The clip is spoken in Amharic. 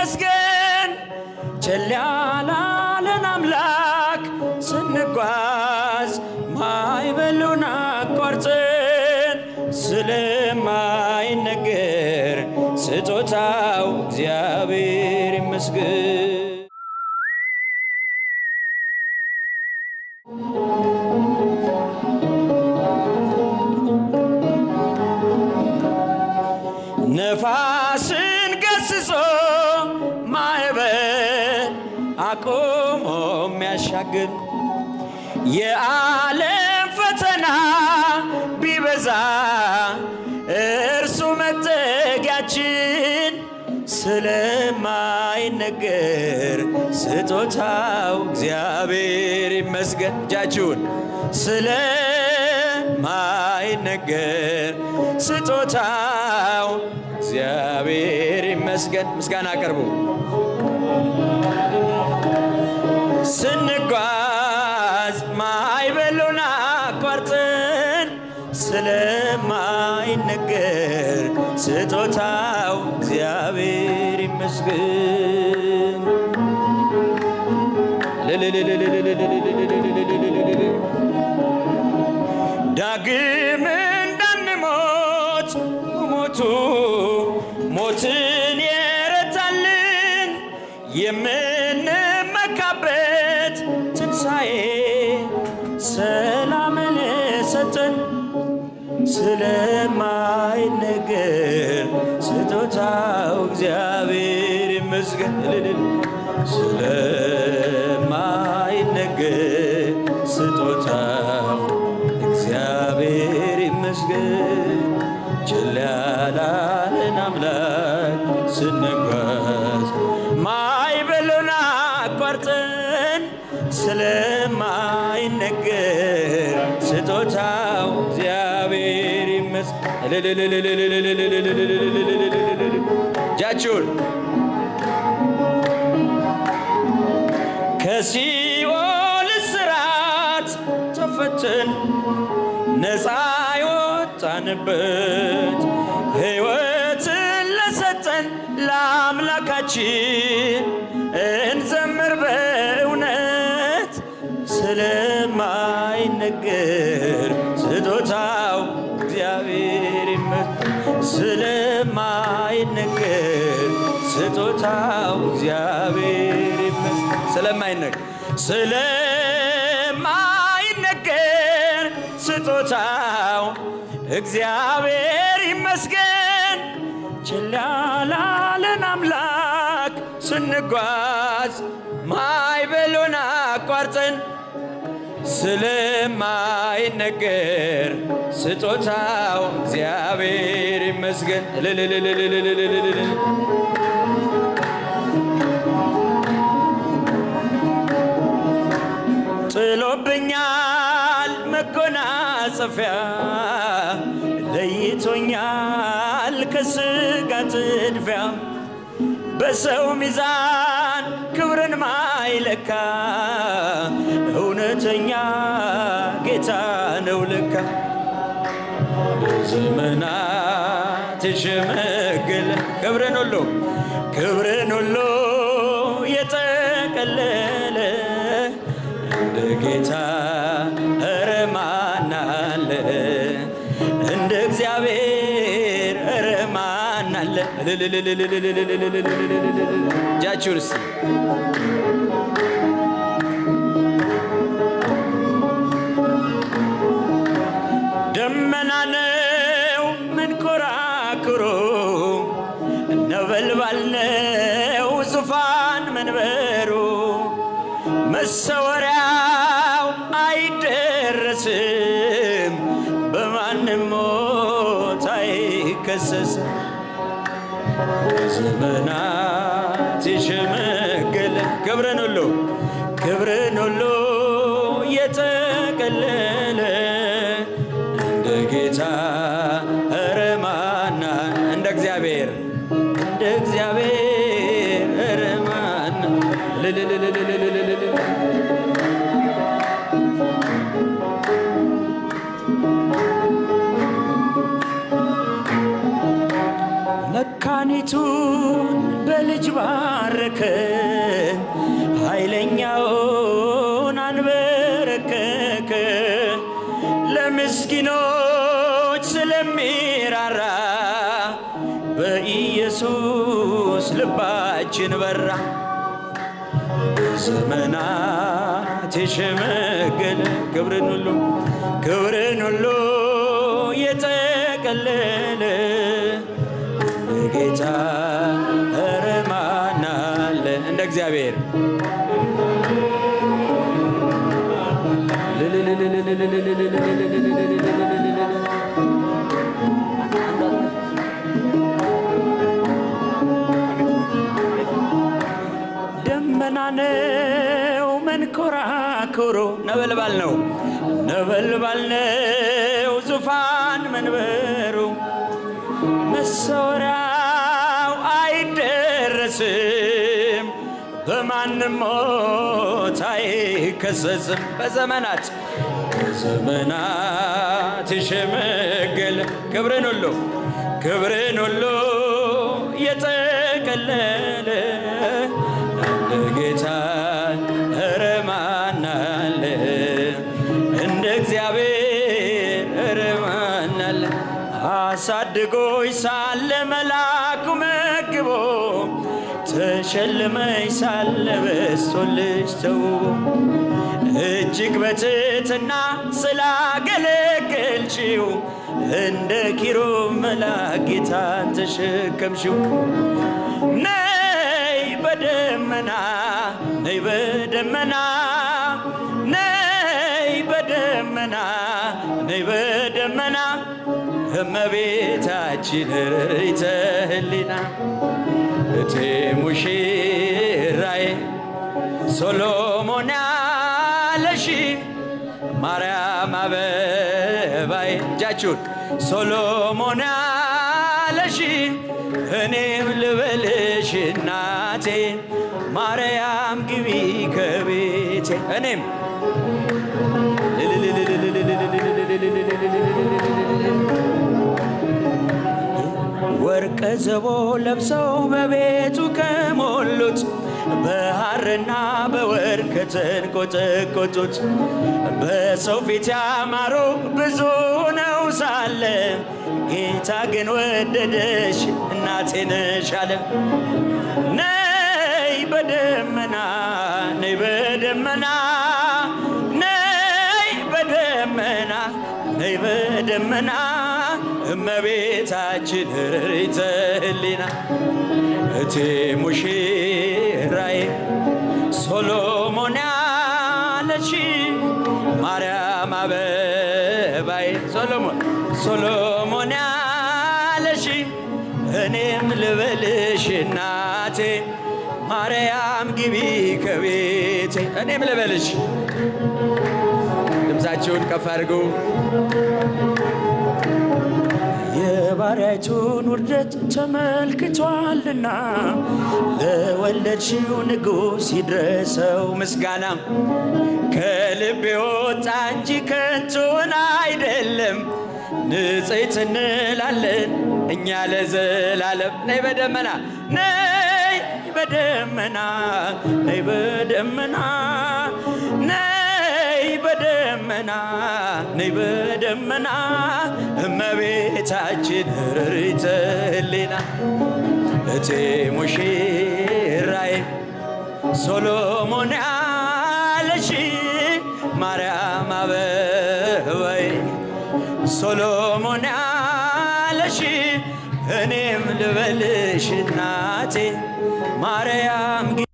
ይመስገን ችላ ላለን አምላክ ስንጓዝ ማዕበሉን አቋርጠን ስለማይነገር ስጦታው እግዚአብሔር ይመስገን። የዓለም ፈተና ቢበዛ እርሱ መጠጊያችን ስለማይነገር ስጦታው እግዚአብሔር ይመስገን። እጃችሁን ስለማይነገር ስጦታው እግዚአብሔር ይመስገን። ምስጋና አቅርቡ ስንጓ ስለማይነገር ስጦታው እግዚአብሔር ይመስገን። ዳግም እንዳንሞት ሞቱ ሞትን የረታልን የምንመካበት ትንሣኤ ስለማይነገር ስጦታው እግዚአብሔር ይመስገን። ስለማይነገር ስጦታው እግዚአብሔር ይመስገን። ችላ አምላክ ስንጓዝ አቋርጠን ስለማይነገር ስጦታው እጃችሁን ከሲኦል እስራት ተፈትን ነፃ የወጣንበት ሕይወትን ለሰጠን ለአምላካችን እንዘምር በእውነት ስለማይነገር ስለማይነገር ስጦታው እግዚአብሔር ይመስገን። ስለማይነገር ስለማይነገር ስጦታው እግዚአብሔር ይመስገን። ችላ ላለን አምላክ ስንጓዝ ስለማይነገር ስጦታው እግዚአብሔር ይመስገን። ጥሎብኛል መጎናጸፊያ ለይቶኛል ከስጋ ጥድፊያ በሰው ሚዛን ለካ እውነተኛ ጌታ ነው ለካ በዘመናት የሸመገለ ክብርን ሁሉ ክብርን ሁሉ የጠቀለለ እንደ ጌታ ኧረ ማን አለ እንደ እግዚአብሔር ኧረ ማን አለ እጃችሁን እስቲ ደመና ነው መንኮራኩሩ ነበልባል ነው ዙፋን መንበሩ መሰወሪያው አይደረስም በማንም ሞት አይከሰስም። ዘመናት የሸመገለ ክብርን ሁሉ ክብርን ሁሉ የጠቀለ ችን በራ ዘመናት የሸመገለ ክብርን ሁሉ ክብርን ሁሉ የጠቀለለ ጌታ ረማናለ እንደ እግዚአብሔር የሚያኮራኩሩ ነበልባል ነው ነበልባል ነው ዙፋን መንበሩ መሰወሪያው አይደረስም በማንም ሞት አይከሰስም በዘመናት በዘመናት የሸመገለ ክብርን ሁሉ ክብርን ሁሉ የጠቀለለ እንደ ጌታ ሸልመኝ ሳለ በስቶልሽ እጅግ በትትና ስላገለገልሽው እንደ ኪሮ መልአክ ጌታን ተሸከምሽው። ነይ በደመና ነይ በደመና ነይ በደመና ነይ በደመና እመቤታችን ርዕይተ ህሊና እቴ ሙሽራዬ ሶሎሞን ያለሽ ማርያም አበባይ እጃችሁን ሶሎሞን ያለሽ እኔም ልበልሽ እናቴ ማርያም ግቢ ከቤቴ እኔም ተዘቦ ለብሰው በቤቱ ከሞሉት በሐርና በወርቅ ከተንቆጠቆጡት በሰው ፊት ያማሩ ብዙ ነው ሳለ ጌታ ግን ወደደሽ እናቴ ነሽ አለ። ነይ በደመና ነይ በደመና ነይ በደመና ነይ በደመና እመቤታችን ርሪተ ህሊና እቲ ሙሽራዬ ሶሎሞን ያለች ማርያም አበባዬ ሶሎሞን ሶሎሞን ያለች እኔም ልበልሽ እናቴ ማርያም ግቢ ከቤቴ እኔም ልበልሽ ድምፃችሁን ከፍ አድርጉ የባሪያይቱን ውርደት ተመልክቷልና ለወለድሽው ንጉሥ ይድረሰው ምስጋና። ከልብ የወጣ እንጂ ከንቱን አይደለም። ንጽሕት እንላለን እኛ ለዘላለም። ነይ በደመና ነይ በደመና ነይ በደመና በደመና ነይ በደመና እመቤታችን ርሪተ ህሊና እቴ ሙሽራዬ ሶሎሞን ያለሽ ማርያም አበባዬ ሶሎሞን ያለሽ እኔም ልበልሽ እናቴ ማርያም